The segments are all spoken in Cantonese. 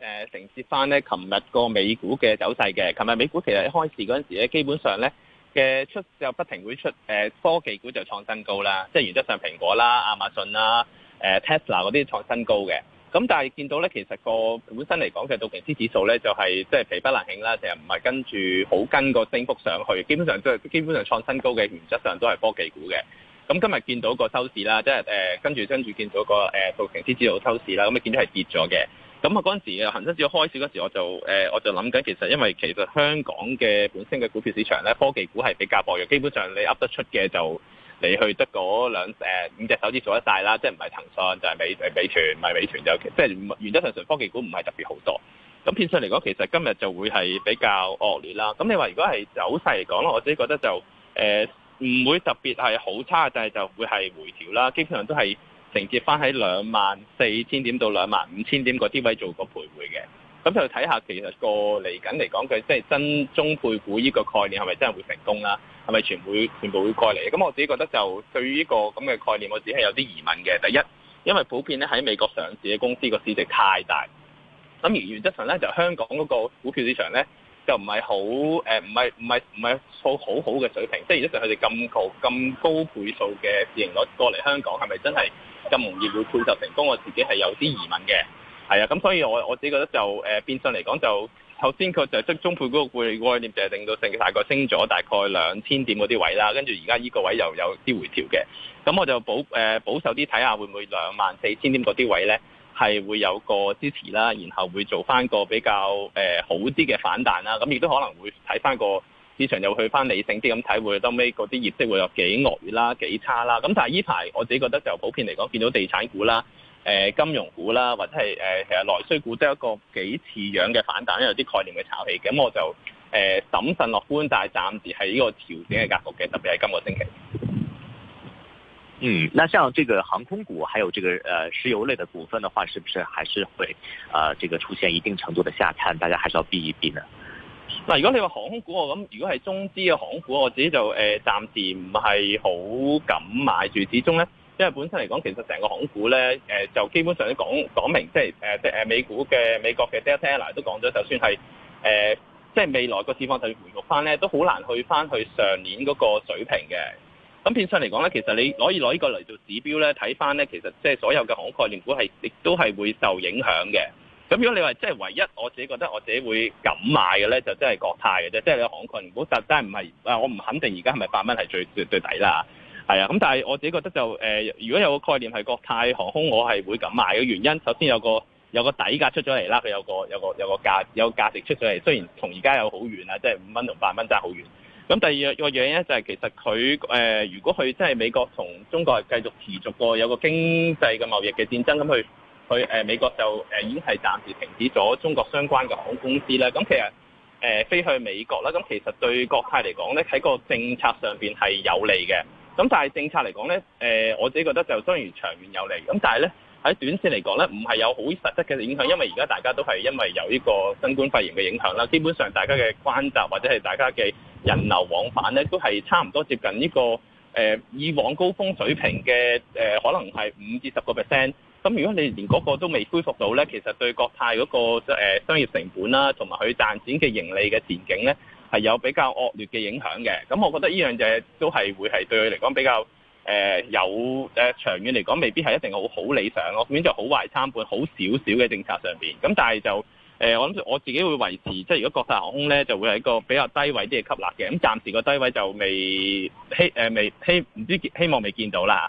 誒、呃、承接翻咧，琴日個美股嘅走勢嘅，琴日美股其實一開始嗰陣時一開市嗰陣時咧，基本上咧嘅出就不停會出誒、呃、科技股就創新高啦，即係原則上蘋果啦、亞馬遜啦、誒 Tesla 嗰啲創新高嘅。咁但係見到咧，其實個本身嚟講嘅道瓊斯指數咧，就係即係疲不能興啦，成日唔係跟住好跟個升幅上去，基本上即、就、係、是、基本上創新高嘅原則上都係科技股嘅。咁今日見到個收市啦，即、呃、係跟住跟住見到個誒道瓊斯指數收市啦，咁啊見到係跌咗嘅。咁啊嗰陣時啊，恒生指數開始嗰時，我就、呃、我就諗緊，其實因為其實香港嘅本身嘅股票市場咧，科技股係比較薄弱，基本上你噏得出嘅就你去得嗰兩、呃、五隻手指做得曬啦，即係唔係騰訊就係、是、美、呃、美團，唔係美團就即係、就是、原則上上科技股唔係特別好多。咁變相嚟講，其實今日就會係比較惡劣啦。咁你話如果係走勢嚟講啦，我自己覺得就、呃、唔會特別係好差，但係就會係回調啦，基本上都係。承接翻喺兩萬四千點到兩萬五千點嗰啲位做個徘徊嘅，咁就睇下其實過嚟緊嚟講，佢即係真中概股呢個概念係咪真係會成功啦？係咪全部會全部會過嚟？咁我自己覺得就對於呢個咁嘅概念，我只係有啲疑問嘅。第一，因為普遍咧喺美國上市嘅公司個市值太大，咁而原則上咧就香港嗰個股票市場咧就唔係好誒，唔係唔係唔係好好好嘅水平。即係原則上佢哋咁高咁高倍數嘅市盈率過嚟香港，係咪真係？金融業會配售成功，我自己係有啲疑問嘅。係啊，咁所以我我自己覺得就誒、呃、變相嚟講就，就頭先佢就即中配嗰個概念就係令到成大概升咗大概兩千點嗰啲位啦，跟住而家依個位又有啲回調嘅。咁我就保誒、呃、保守啲睇下會唔會點，會唔會兩萬四千點嗰啲位咧，係會有個支持啦，然後會做翻個比較誒、呃、好啲嘅反彈啦。咁亦都可能會睇翻個。市場又去翻理性啲咁睇，會到尾嗰啲業績會有幾惡啦，幾差啦。咁但係呢排我自己覺得就普遍嚟講，見到地產股啦、誒、呃、金融股啦，或者係誒其實內需股都一個幾似樣嘅反彈，有啲概念嘅炒氣。咁我就誒、呃、審慎樂觀，但係暫時係呢個調整嘅格局嘅，特別係今個星期。嗯，那像這個航空股，還有這個呃石油類的股份的話，是不是還是會啊、呃、這個出現一定程度的下探？大家還是要避一避呢？嗱，如果你話航空股我諗，如果係中資嘅航空股，我自己就誒、呃、暫時唔係好敢買住，始終咧，因為本身嚟講，其實成個航空股咧，誒、呃、就基本上都講講明，即係誒誒美股嘅美國嘅 Data 都講咗，就算係誒、呃，即係未來個市況睇回復翻咧，都好難去翻去上年嗰個水平嘅。咁變相嚟講咧，其實你可以攞呢個嚟做指標咧，睇翻咧，其實即係所有嘅航空概念股係亦都係會受影響嘅。咁如果你話即係唯一我自己覺得我自己會敢買嘅咧，就即係國泰嘅啫。即係你講句唔好，實真係唔係啊！我唔肯定而家係咪八蚊係最最最抵啦。係啊，咁但係我自己覺得就、呃、如果有個概念係國泰航空，我係會敢買嘅原因，首先有個有個底價出咗嚟啦，佢有個有個有個價有個價值出咗嚟。雖然同而家有好遠啊，即係五蚊同八蚊真係好遠。咁第二個樣呢、就是，就係其實佢誒、呃，如果佢即係美國同中國係繼續持續過有個經濟嘅貿易嘅戰爭，咁佢。佢誒、呃、美國就誒已經係暫時停止咗中國相關嘅航空公司啦。咁其實誒飛、呃、去美國啦，咁其實對國泰嚟講咧，喺個政策上邊係有利嘅。咁但係政策嚟講咧，誒、呃、我自己覺得就當然長遠有利。咁但係咧喺短線嚟講咧，唔係有好實質嘅影響，因為而家大家都係因為有呢個新冠肺炎嘅影響啦，基本上大家嘅關閘或者係大家嘅人流往返咧，都係差唔多接近呢、這個誒、呃、以往高峰水平嘅誒、呃，可能係五至十個 percent。咁如果你連嗰個都未恢復到呢，其實對國泰嗰個、呃、商業成本啦，同埋佢賺錢嘅盈利嘅前景呢，係有比較惡劣嘅影響嘅。咁我覺得呢樣嘢都係會係對佢嚟講比較、呃、有誒、呃、長遠嚟講，未必係一定好好理想咯。咁、呃、就好壞參半，好少少嘅政策上邊。咁但係就我諗我自己會維持，即係如果國泰航空呢就會係一個比較低位啲嘅吸納嘅。咁、嗯、暫時個低位就未希、呃、未希，唔知希望未見到啦。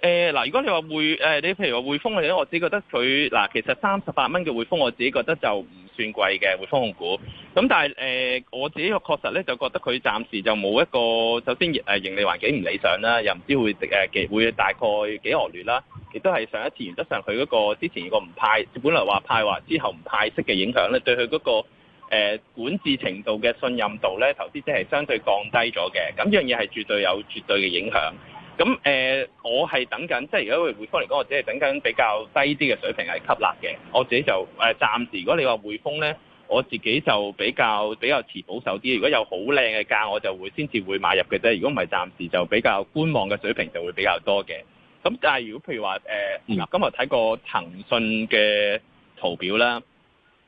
誒、呃、嗱，如果你話匯誒、呃，你譬如話匯豐嗰啲，我自己覺得佢嗱、呃，其實三十八蚊嘅匯豐，我自己覺得就唔算貴嘅匯豐控股。咁但係誒、呃，我自己又確實咧，就覺得佢暫時就冇一個，首先誒盈利環境唔理想啦，又唔知會誒幾、呃、會大概幾惡劣啦。亦都係上一次原則上佢嗰個之前個唔派，本來話派話之後唔派息嘅影響咧，對佢嗰、嗰個、呃、管治程度嘅信任度咧，投資者係相對降低咗嘅。咁樣嘢係絕對有絕對嘅影響。咁誒、呃，我係等緊，即係如果匯豐嚟講，我只係等緊比較低啲嘅水平係吸納嘅。我自己就呃、暫時，如果你話匯豐咧，我自己就比較比較持保守啲。如果有好靚嘅價，我就會先至會買入嘅啫。如果唔係，暫時就比較觀望嘅水平就會比較多嘅。咁但係如果譬如話誒、呃嗯，今日睇過騰訊嘅圖表啦，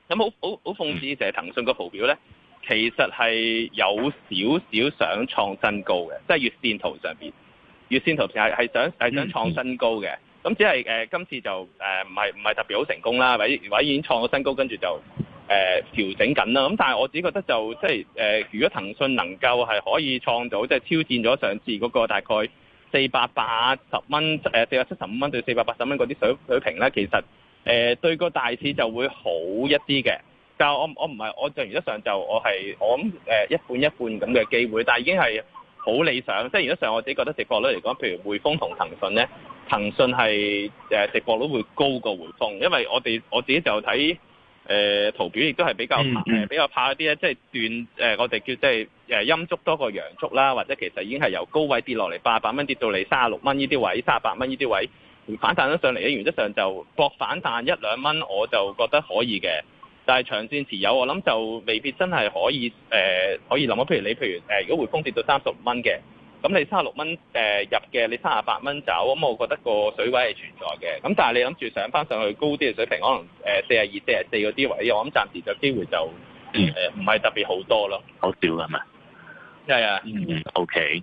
咁好好好，奉旨就係騰訊個圖表咧，其實係有少少想創新高嘅，即係月線圖上邊。月線圖係係想係想創新高嘅，咁只係誒、呃、今次就誒唔係唔係特別好成功啦，或者或者已經創咗新高，跟住就誒、呃、調整緊啦。咁但係我自己覺得就即係誒、呃，如果騰訊能夠係可以創造即係、就是、挑戰咗上次嗰個大概四百八十蚊誒四百七十五蚊對四百八十蚊嗰啲水水平咧，其實誒、呃、對個大市就會好一啲嘅。但我我唔係我就原則上就我係我諗誒、呃、一半一半咁嘅機會，但已經係。冇理想，即係原則上我自己覺得直播率嚟講，譬如匯豐同騰訊咧，騰訊係誒直播率會高過匯豐，因為我哋我自己就睇誒、呃、圖表，亦都係比較誒、呃、比較怕一啲咧，即係斷誒我哋叫即係誒陰燭多過陽燭啦，或者其實已經係由高位跌落嚟八百蚊跌到嚟三十六蚊呢啲位，三十八蚊呢啲位，反彈咗上嚟，喺原則上就搏反彈一兩蚊，我就覺得可以嘅。但係長線持有，我諗就未必真係可以，誒、呃、可以諗咯。譬如你，譬如誒、呃，如果匯豐跌到三十五蚊嘅，咁你三十六蚊入嘅，你三十八蚊走，咁我覺得個水位係存在嘅。咁但係你諗住上翻上去高啲嘅水平，可能四十二、四十四嗰啲位，我諗暫時就機會就唔係、嗯呃、特別好多咯，好少㗎嘛。係咪？係啊，嗯，OK。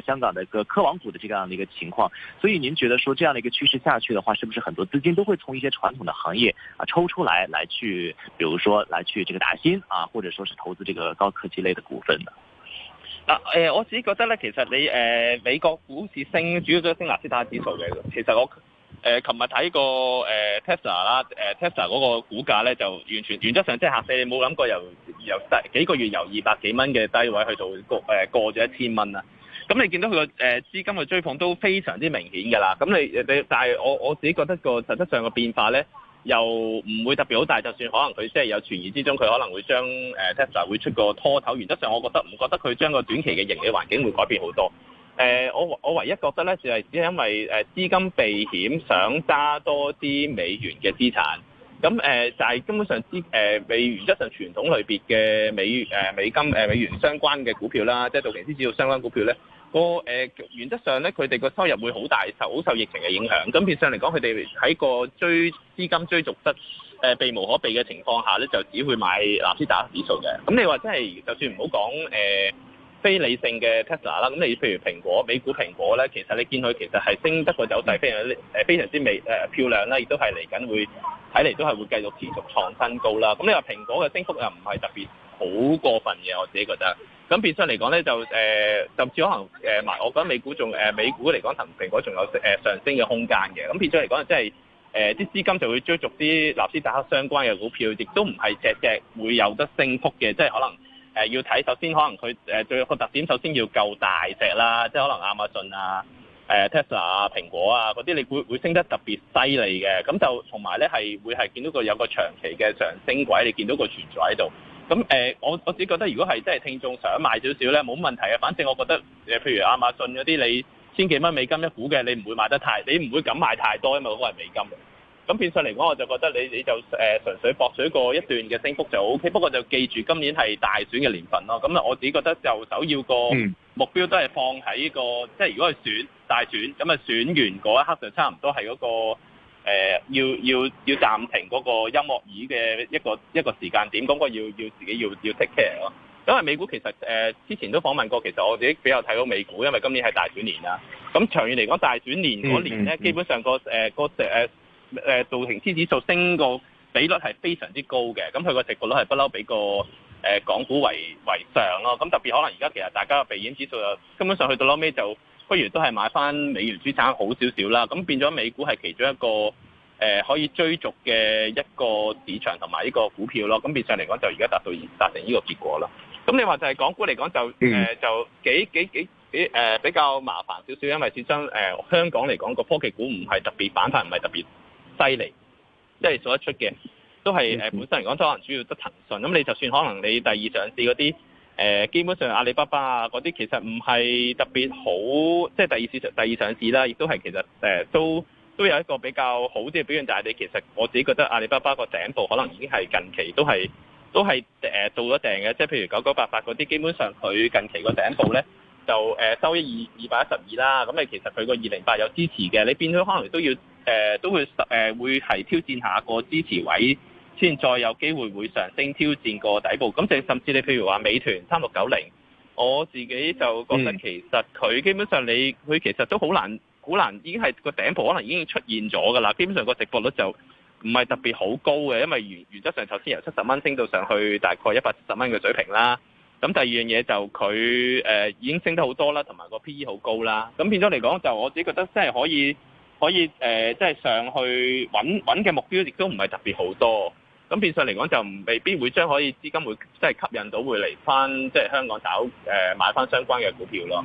香港的一個科網股的這樣的一個情況，所以您覺得說這樣的一個趨勢下去的話，是不是很多資金都會從一些傳統的行業啊抽出來，來去，比如說來去這個打新啊，或者說是投資這個高科技類的股份呢？嗱，誒，我自己覺得呢，其實你誒、呃、美國股市升主要都係升納斯達克指數嘅。其實我誒，琴日睇過誒 Tesla 啦，誒、呃、Tesla 嗰個股價呢就完全原則上即係吓死，你冇諗過由由幾個月由二百幾蚊嘅低位去到過誒、呃、過咗一千蚊啊？咁你見到佢個誒資金嘅追捧都非常之明顯㗎啦。咁你你但係我我自己覺得個實質上個變化咧，又唔會特別好大。就算可能佢即係有傳言之中，佢可能會將誒、呃、Tesla 會出個拖頭。原則上，我覺得唔覺得佢將個短期嘅營業環境會改變好多。誒、呃，我我唯一覺得咧，就係只係因為誒資金避險，想揸多啲美元嘅資產。咁誒、呃、就係、是、根本上啲誒，美、呃、原則上傳統類別嘅美、呃、美金、呃、美元、呃、相關嘅股票啦，即係道瓊斯指數相關股票咧，那個誒、呃、原則上咧，佢哋個收入會好大受好受疫情嘅影響。咁變相嚟講，佢哋喺個追資金追，追逐得誒避無可避嘅情況下咧，就只會買納斯達克指數嘅。咁你話真係就算唔好講誒。呃非理性嘅 Tesla 啦，咁你譬如蘋果，美股蘋果咧，其實你見佢其實係升得個走勢非常誒非常之美誒、呃、漂亮啦，亦都係嚟緊會睇嚟都係會繼續持續創新高啦。咁你話蘋果嘅升幅又唔係特別好過分嘅，我自己覺得。咁變相嚟講咧就誒，甚、呃、至可能誒，埋、呃、我覺得美股仲誒、呃、美股嚟講同蘋果仲有誒上升嘅空間嘅。咁變相嚟講，即係誒啲資金就會追逐啲納斯達克相關嘅股票，亦都唔係隻隻會有得升幅嘅，即係可能。誒、呃、要睇，首先可能佢誒、呃、最有個特點，首先要夠大隻啦，即係可能亞馬遜啊、誒、呃、Tesla 啊、蘋果啊嗰啲，那些你會會升得特別犀利嘅。咁就同埋咧，係會係見到個有個長期嘅上升軌，你見到個存在喺度。咁誒、呃，我我只覺得如果係即係聽眾想買少少咧，冇問題啊。反正我覺得誒，譬如亞馬遜嗰啲你千幾蚊美金一股嘅，你唔會買得太，你唔會敢買太多，因為嗰個係美金的。咁變相嚟講，我就覺得你你就誒、呃、純粹博取過一段嘅升幅就 O K。不過就記住今年係大選嘅年份咯。咁啊，我自己覺得就首要個目標都係放喺、呢個、嗯、即係，如果係選大選咁啊，就選完嗰一刻就差唔多係嗰、嗰個、呃、要要要暫停嗰個音樂椅嘅一個一個時間點。咁、嗰個要要自己要要 take care 咯。因為美股其實誒、呃、之前都訪問過，其實我自己比較睇到美股，因為今年係大選年啦。咁長遠嚟講，大選年嗰年咧、嗯嗯，基本上個誒、呃誒道瓊斯指數升個比率係非常之高嘅，咁佢個值博率係不嬲比個誒港股為為上咯。咁特別可能而家其實大家嘅避險指數又根本上去到撈尾，就不如都係買翻美元資產好少少啦。咁變咗美股係其中一個誒、呃、可以追逐嘅一個市場同埋呢個股票咯。咁變相嚟講就而家達到達成呢個結果啦。咁你話就係港股嚟講就誒、呃、就幾幾幾幾誒、呃、比較麻煩少少，因為始終誒香港嚟講個科技股唔係特別，板塊唔係特別。犀利，即係做得出嘅，都係本身嚟講，都可能主要得騰訊。咁你就算可能你第二上市嗰啲、呃、基本上阿里巴巴啊嗰啲，其實唔係特別好，即係第二市場第二上市啦，亦都係其實、呃、都都有一個比較好啲嘅表現、就係。但係你其實我自己覺得阿里巴巴個頂部可能已經係近期都係都係做咗定嘅。即係譬如九九八八嗰啲，基本上佢近期個頂部呢就、呃、收益二二百一十二啦。咁你其實佢個二零八有支持嘅。你變咗可能都要。誒、呃、都會誒、呃、會係挑戰下個支持位，先再有機會會上升挑戰個底部。咁甚至你譬如話美團三六九零，我自己就覺得其實佢基本上你佢其實都好難，估難已經係個頂部可能已經出現咗㗎啦。基本上個值博率就唔係特別好高嘅，因為原原則上頭先由七十蚊升到上去大概一百七十蚊嘅水平啦。咁第二樣嘢就佢誒、呃、已經升得好多啦，同埋個 P E 好高啦。咁變咗嚟講，就我自己覺得真係可以。可以誒，即、呃、係、就是、上去揾揾嘅目標亦都唔係特別好多。咁變相嚟講，就未必會將可以資金會即係吸引到會嚟翻，即、就、係、是、香港找誒、呃、買翻相關嘅股票咯。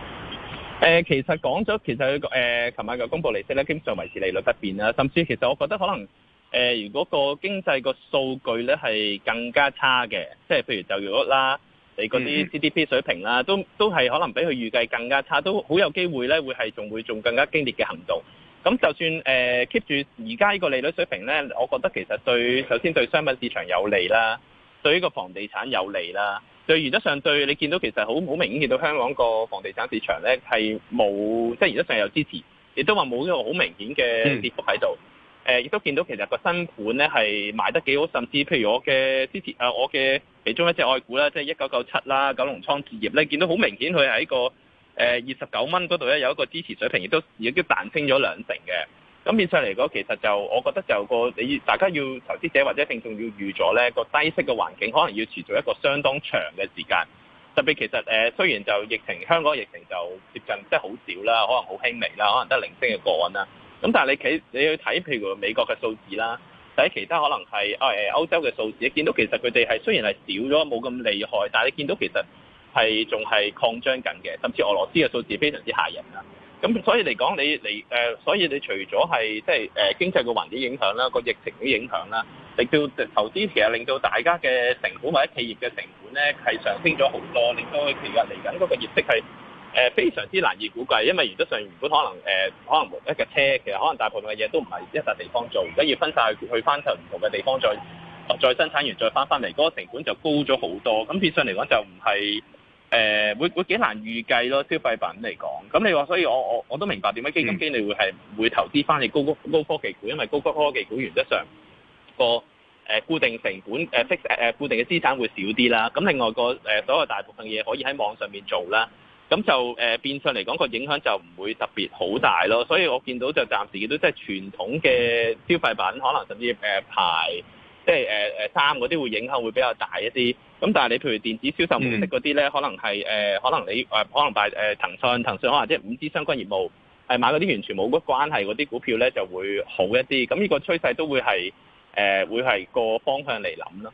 誒，其實講咗，其實佢個誒琴晚嘅公布利息咧，基本上維持利率不變啦。甚至其實我覺得可能誒、呃，如果個經濟個數據咧係更加差嘅，即係譬如就業率啦，你嗰啲 GDP 水平啦，都都係可能比佢預計更加差，都好有機會咧，會係仲會仲更加激烈嘅行動。咁就算誒 keep 住而家呢個利率水平咧，我覺得其實對首先對商品市場有利啦，對呢個房地產有利啦。對，原則上對，你見到其實好好，明顯，見到香港個房地產市場咧係冇，即係原則上有支持，亦都話冇一個好明顯嘅跌幅喺度。誒、嗯，亦都見到其實個新盤咧係賣得幾好，甚至譬如我嘅之前我嘅其中一隻愛股啦，即係一九九七啦，九龍倉置業咧，你見到好明顯佢喺個誒二十九蚊嗰度咧有一個支持水平，亦都已經彈升咗兩成嘅。咁變上嚟講，其實就我覺得就個你大家要投資者或者聽眾要預咗呢個低息嘅環境，可能要持續一個相當長嘅時間。特別其實、呃、雖然就疫情香港疫情就接近即係好少啦，可能好輕微啦，可能得零星嘅個案啦。咁但係你企你去睇譬如美國嘅數字啦，睇其他可能係歐洲嘅數字，見到其實佢哋係雖然係少咗冇咁厲害，但你見到其實係仲係擴張緊嘅，甚至俄羅斯嘅數字非常之嚇人啦。咁所以嚟講，你嚟誒，所以你除咗係即係誒經濟個環境影響啦，個疫情嘅影響啦，令到投資其實令到大家嘅成本或者企業嘅成本咧係上升咗好多，令到其實嚟緊嗰個業績係非常之難以估計，因為原則上如果可能、呃、可能每一架車，其實可能大部分嘅嘢都唔係一笪地方做，而家要分晒去返翻就唔同嘅地方再再生產完再翻翻嚟，嗰個成本就高咗好多。咁變相嚟講就唔係。誒、呃、會會幾難預計咯，消費品嚟講。咁你話，所以我我我都明白點解基金經理會係會投資翻去高、嗯、高科技股，因為高科技股原則上個、呃、固定成本、呃 fixed, 呃、固定嘅資產會少啲啦。咁另外個、呃、所有大部分嘢可以喺網上面做啦。咁就誒、呃、變相嚟講個影響就唔會特別好大咯。所以我見到就暫時都見到即係傳統嘅消費品可能甚至誒、呃即係誒誒三嗰啲會影響會比較大一啲，咁但係你譬如電子銷售模式嗰啲呢、嗯可呃，可能係誒、呃、可能你、呃、可能大誒騰訊，騰訊可能即係五支相關業務係、呃、買嗰啲完全冇乜關係嗰啲股票呢就會好一啲，咁呢個趨勢都會係誒、呃、會係個方向嚟諗咯。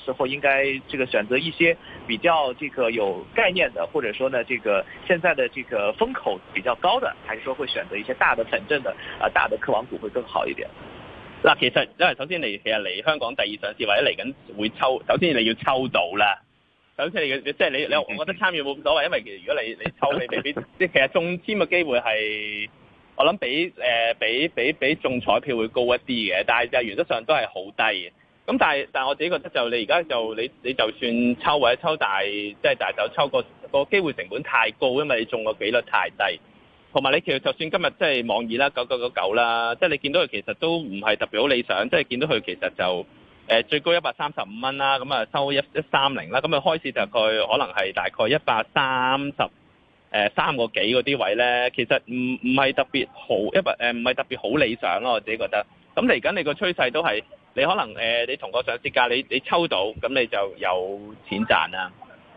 時候應該這個選擇一些比較這個有概念的，或者說呢，這個現在的這個風口比較高的，還是說會選擇一些大的，城鎮的、城正的啊大的科網股會更好一點？嗱，其實因為首先你其實嚟香港第二上市或者嚟緊會抽，首先你要抽到啦。首先你，嘅即係你你，我覺得參與冇所謂，因為其實如果你你抽，你未必即係其實中籤嘅機會係我諗比誒、呃、比比比中彩票會高一啲嘅，但係原則上都係好低嘅。咁但係，但係我自己覺得就你而家就你你就算抽或者抽大，即係大手抽，個個機會成本太高，因為你中個幾率太低。同埋你其實就算今日即係網易啦，九九九九啦，即係你見到佢其實都唔係特別好理想，即係見到佢其實就誒最高一百三十五蚊啦，咁啊收一一三零啦，咁啊開市就佢可能係大概一百三十誒三個幾嗰啲位咧，其實唔唔係特別好，一百誒唔係特別好理想咯。我自己覺得。咁嚟緊你個趨勢都係。你可能誒、呃，你同個上市價，你你抽到，咁你就有錢賺啦。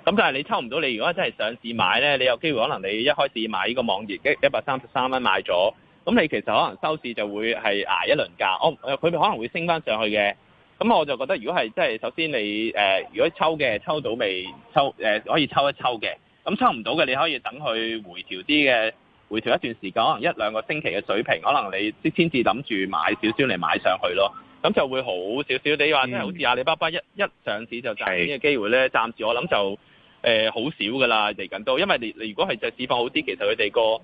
咁但係你抽唔到，你如果真係上市買呢，你有機會可能你一開始買呢個網頁，一百三十三蚊買咗，咁你其實可能收市就會係捱一輪價。我、哦、佢可能會升翻上去嘅。咁我就覺得，如果係即係首先你誒、呃，如果抽嘅抽到未抽、呃、可以抽一抽嘅。咁抽唔到嘅，你可以等佢回調啲嘅，回調一段時間，可能一兩個星期嘅水平，可能你先先至諗住買少少嚟買上去咯。咁就會好少少。你話即係好似阿里巴巴一一上市就賺錢嘅機會咧，暫時我諗就呃、好少㗎啦嚟緊都。因為你你如果係就市況好啲，其實佢哋個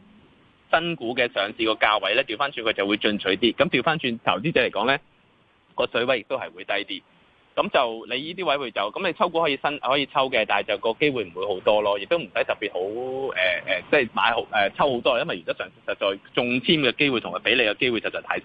新股嘅上市個價位咧調翻轉，佢就會進取啲。咁調翻轉投資者嚟講咧，個水位亦都係會低啲。咁就你呢啲位會就咁你抽股可以新可以抽嘅，但係就個機會唔會多好多咯，亦都唔使特別好、呃、呃，即係買好、呃、抽好多。因為而家上市實在中籤嘅機會同埋俾你嘅機會實在太少。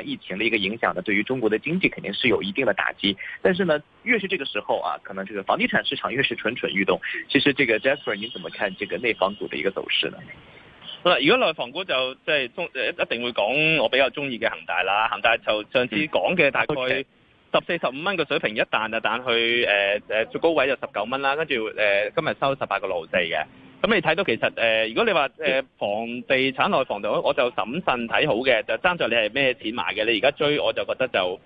疫情的一個影響呢，對於中國的經濟肯定是有一定的打擊。但是呢，越是這個時候啊，可能這個房地產市場越是蠢蠢欲動。其實這個 Jasper 你怎麼看這個內房股的一個走勢呢？如果內房股就即係中，一一定會講我比較中意嘅恒大啦。恒大就上次講嘅大概十四十五蚊嘅水平一彈啊，彈去誒誒最高位就十九蚊啦，跟住誒今日收十八個六毫四嘅。咁你睇到其實誒、呃，如果你話誒、呃、房地產內房度，我我就審慎睇好嘅，就爭在你係咩錢買嘅。你而家追，我就覺得就誒唔、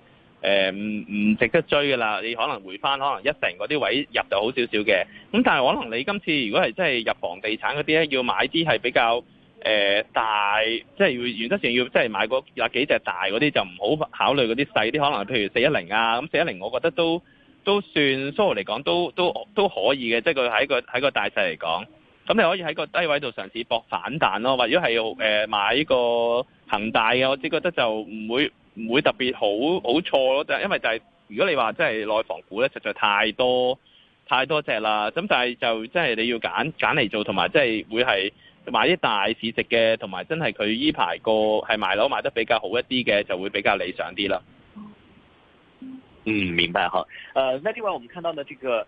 呃、值得追㗎喇。你可能回返可能一成嗰啲位入就好少少嘅。咁但係可能你今次如果係真係入房地產嗰啲咧，要買啲係比較誒、呃、大，即、就、係、是、原則上要即係買嗰廿幾隻大嗰啲，就唔好考慮嗰啲細啲。可能譬如四一零啊，咁四一零我覺得都都算 SOHO 嚟講都都都可以嘅，即係佢喺個喺個大勢嚟講。咁你可以喺個低位度嘗試搏反彈咯，或者係誒買呢個恒大嘅，我只覺得就唔會唔會特別好好錯咯，就因為就係、是、如果你話真係內房股咧，實在太多太多隻啦，咁但係就真係你要揀揀嚟做，同埋即係會係買啲大市值嘅，同埋真係佢依排個係賣樓賣得比較好一啲嘅，就會比較理想啲啦。嗯，明白嗬，呃、uh,，那啲位我們看到呢這個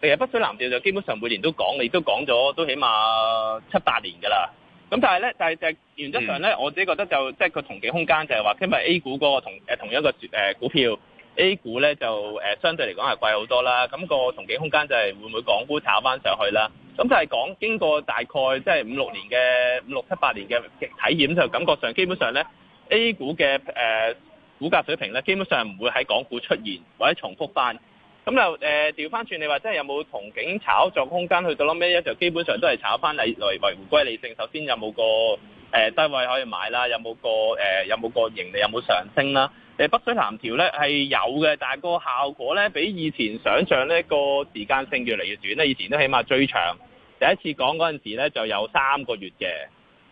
其實北水南調就基本上每年都講，你都講咗都起碼七八年㗎啦。咁但係咧，但係就原則上咧，我自己覺得就即係、就係、個同景空間就係話，因為 A 股嗰個同誒同一個、呃、股票，A 股咧就、呃、相對嚟講係貴好多啦。咁、個同景空間就係會唔會港股炒翻上去啦？咁就係講經過大概即係五六年嘅五六七八年嘅體驗，就感覺上基本上咧，A 股嘅、呃、股價水平咧，基本上唔會喺港股出現或者重複翻。咁就誒調翻轉，你話真係有冇同景炒作空間去到咯尾？有時基本上都係炒翻嚟來維護歸理性。首先有冇個誒、呃、低位可以買啦？有冇個誒、呃、有冇個盈利有冇上升啦？誒、呃、北水南調咧係有嘅，但係個效果咧比以前想象呢個時間性越嚟越短咧。以前都起碼最長，第一次講嗰陣時咧就有三個月嘅，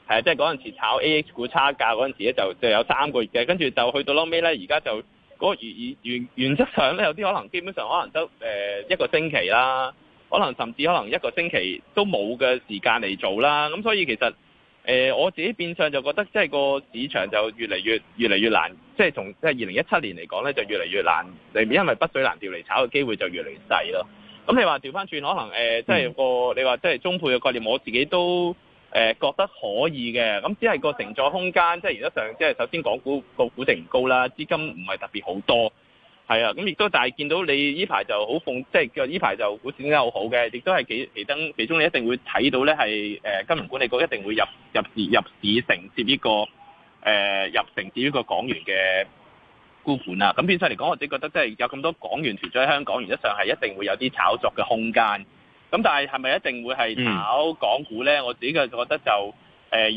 係即係嗰陣時炒 A H 股差價嗰陣時咧就就有三個月嘅，跟住就去到咯尾咧，而家就。嗰個原原原則上咧，有啲可能基本上可能得誒一個星期啦，可能甚至可能一個星期都冇嘅時間嚟做啦。咁所以其實誒、呃、我自己變相就覺得，即係個市場就越嚟越越嚟越難，即、就、係、是、從即係二零一七年嚟講咧，就越嚟越難面因為北水難調嚟炒嘅機會就越嚟越細咯。咁你話調翻轉，可能誒即係個、嗯、你話即係中配嘅概念，我自己都。誒覺得可以嘅，咁只係個承載空間，即係原則上，即係首先港股個估值唔高啦，資金唔係特別好多，係啊，咁亦都，但係見到你呢排就好奉，即係呢排就股市應該好好嘅，亦都係幾其中其中你一定會睇到咧，係誒金融管理局一定會入入市入市承接呢個誒入城至於個港元嘅沽盤啦。咁變相嚟講，我哋覺得即係有咁多港元存在喺香港原則上，係一定會有啲炒作嘅空間。咁但係係咪一定會係炒港股咧、嗯？我自己覺得就誒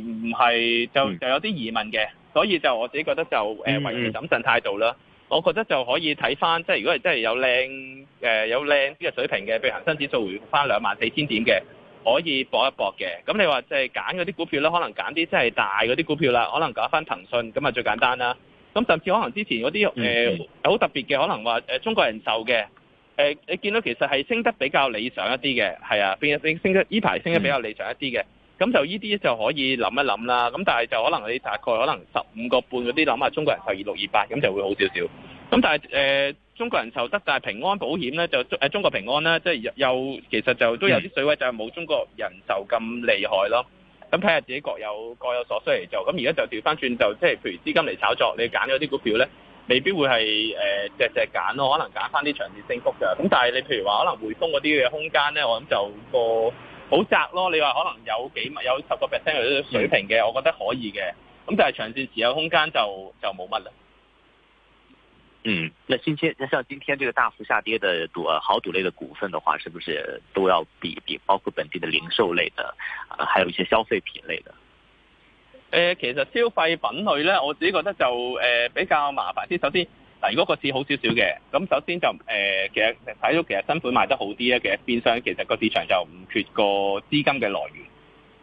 唔係，就就有啲疑問嘅，所以就我自己覺得就誒維持謹慎態度啦。我覺得就可以睇翻，即係如果係真係有靚誒、呃、有靚啲嘅水平嘅，譬如恒生指數回復翻兩萬四千點嘅，可以搏一搏嘅。咁你話即係揀嗰啲股票咧，可能揀啲真係大嗰啲股票啦，可能搞翻騰訊咁啊最簡單啦。咁甚至可能之前嗰啲誒好特別嘅，可能話誒中國人壽嘅。誒、呃，你見到其實係升得比較理想一啲嘅，係啊，邊日升升得？呢排升得比較理想一啲嘅，咁、嗯、就呢啲就可以諗一諗啦。咁但係就可能你大概可能十五個半嗰啲諗下中 28, 點點、呃，中國人壽二六二八，咁就會好少少。咁但係誒，中國人壽得，但係平安保險咧就誒、呃、中國平安咧，即係又其實就都有啲水位，嗯、就係、係、冇中國人壽咁厲害咯。咁睇下自己各有各有所需嚟做。咁而家就調翻轉，就即係譬如資金嚟炒作，你揀咗啲股票咧。未必會係誒隻隻揀咯，可能揀翻啲長線升幅嘅。咁但係你譬如話，可能匯豐嗰啲嘅空間咧，我諗就個好窄咯。你話可能有幾有幾個 percent 嘅水平嘅，我覺得可以嘅。咁但係長線持有空間就就冇乜啦。嗯，那今天，像今天這個大幅下跌的賭好賭類的股份的話，是不是都要避避？包括本地的零售類的，啊，還有一些消費品類的。誒，其實消費品類咧，我自己覺得就誒比較麻煩啲。首先，嗱，如果個市好少少嘅，咁首先就誒，其實睇到其實新盤賣得好啲咧，其實變相其實個市場就唔缺個資金嘅來源。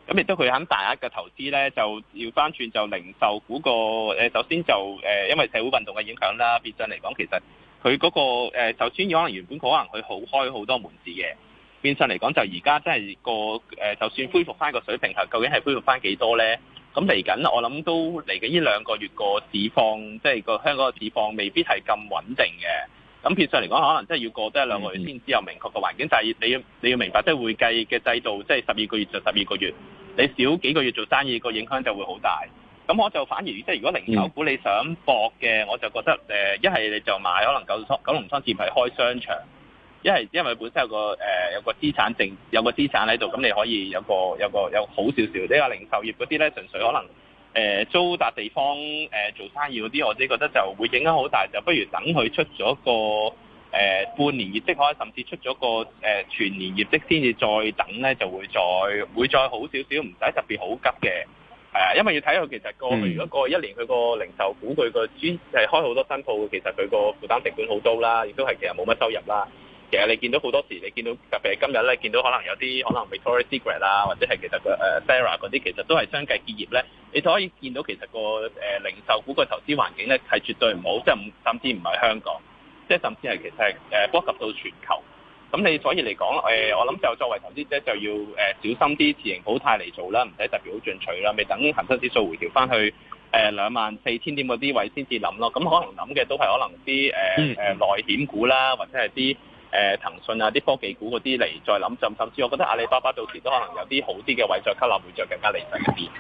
咁亦都佢肯大額嘅投資咧，就要翻轉就零售股個誒。首先就誒，因為社會運動嘅影響啦，變相嚟講，其實佢嗰個誒，首先可能原本可能佢好開好多門市嘅，變相嚟講就而家真係個誒，就算恢復翻個水平係究竟係恢復翻幾多咧？咁嚟緊，我諗都嚟緊呢兩個月個市況，即係個香港個市況未必係咁穩定嘅。咁變相嚟講，可能真係要過多一兩個月先知有明確嘅環境。但係你要你要明白，即係會計嘅制度，即係十二個月就十二個月，你少幾個月做生意個影響就會好大。咁我就反而即係如果零售股你想搏嘅，我就覺得呃，一係你就買可能九龍倉、九龍倉係開商場。一係因為佢本身有個誒、呃、有個資產淨有個資產喺度，咁你可以有個有個有個好少少，即係話零售業嗰啲咧，純粹可能誒、呃、租笪地方誒、呃、做生意嗰啲，我自己覺得就會影響好大，就不如等佢出咗個誒、呃、半年業績，或者甚至出咗個誒、呃、全年業績，先至再等咧，就會再會再好少少，唔使特別好急嘅。係、呃、啊，因為要睇佢其實過去、嗯、如果過一年佢個零售股佢個資係開好多新鋪，其實佢個負擔成本好高啦，亦都係其實冇乜收入啦。其實你見到好多時，你見到特別係今日咧，見到可能有啲可能 Victoria Secret 啊，或者係其實個誒 Sarah 嗰啲，其實都係相繼結業咧。你就可以見到其實個誒零售股嘅投資環境咧係絕對唔好，即係唔甚至唔係香港，即係甚至係其實係誒波及到全球。咁你所以嚟講，誒我諗就作為投資者就要誒小心啲，持盈保泰嚟做啦，唔使特別好進取啦。咪等恒生指數回調翻去誒兩萬四千點嗰啲位先至諗咯。咁可能諗嘅都係可能啲誒誒內險股啦，或者係啲。誒、呃、騰訊啊，啲科技股嗰啲嚟再諗，甚甚至我覺得阿里巴巴到時都可能有啲好啲嘅位再吸納，會再更加理想一啲。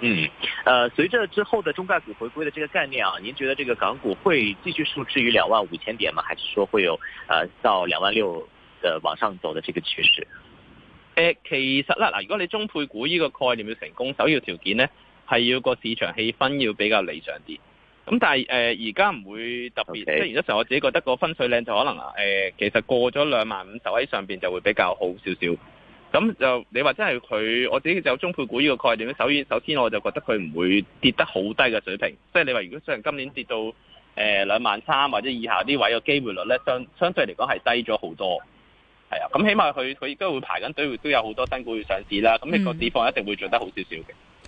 嗯，誒、呃，隨着之後的中概股回歸的這個概念啊，您覺得這個港股會繼續受制於兩萬五千點嗎？還是說會有誒、呃、到兩萬六嘅往上走的這個趨勢？呃、其實啦，嗱，如果你中配股呢個概念要成功，首要條件呢係要個市場氣氛要比較理想啲。咁、嗯、但係誒而家唔會特別。okay. 即係如果時我自己覺得個分水嶺就可能誒、呃，其實過咗兩萬五守喺上面就會比較好少少。咁就你話真係佢，我自己有中配股呢個概念咧。首先首先我就覺得佢唔會跌得好低嘅水平。即係你話如果上今年跌到誒兩萬三或者以下啲位嘅機會率咧，相相對嚟講係低咗好多。係啊，咁起碼佢佢亦都會排緊隊，會都有好多新股要上市啦。咁呢個市況一定會做得好少少嘅。